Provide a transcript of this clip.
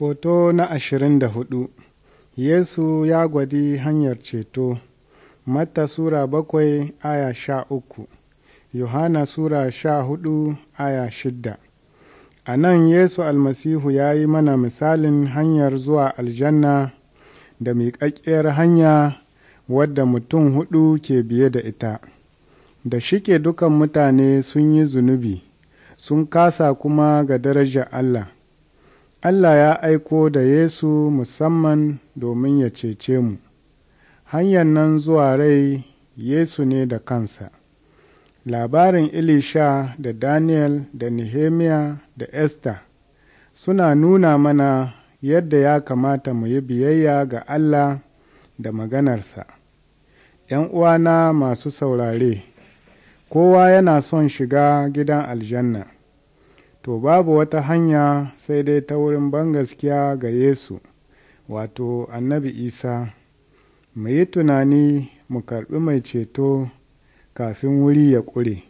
Foto na ashirin da hudu Yesu ya gwadi hanyar ceto Matta Sura bakwai aya sha uku Yohana Sura sha hudu aya shidda A nan Yesu almasihu ya yi mana misalin hanyar zuwa aljanna da miƙaƙƙiyar hanya wadda mutum hudu ke biye da ita. Da shike dukan mutane sun yi zunubi, sun kasa kuma ga darajar Allah. Allah ya aiko da Yesu musamman domin ya cece mu, hanyar nan zuwa rai Yesu ne da kansa. Labarin Elisha da Daniel da Nehemiya da Esther suna nuna mana yadda ya kamata mu yi biyayya ga Allah da maganarsa. ‘Yan uwana masu saurare, kowa yana son shiga gidan aljanna. to babu wata hanya sai dai ta wurin ban gaskiya ga Yesu wato annabi Isa mu yi tunani mu karɓi mai ceto kafin wuri ya ƙure.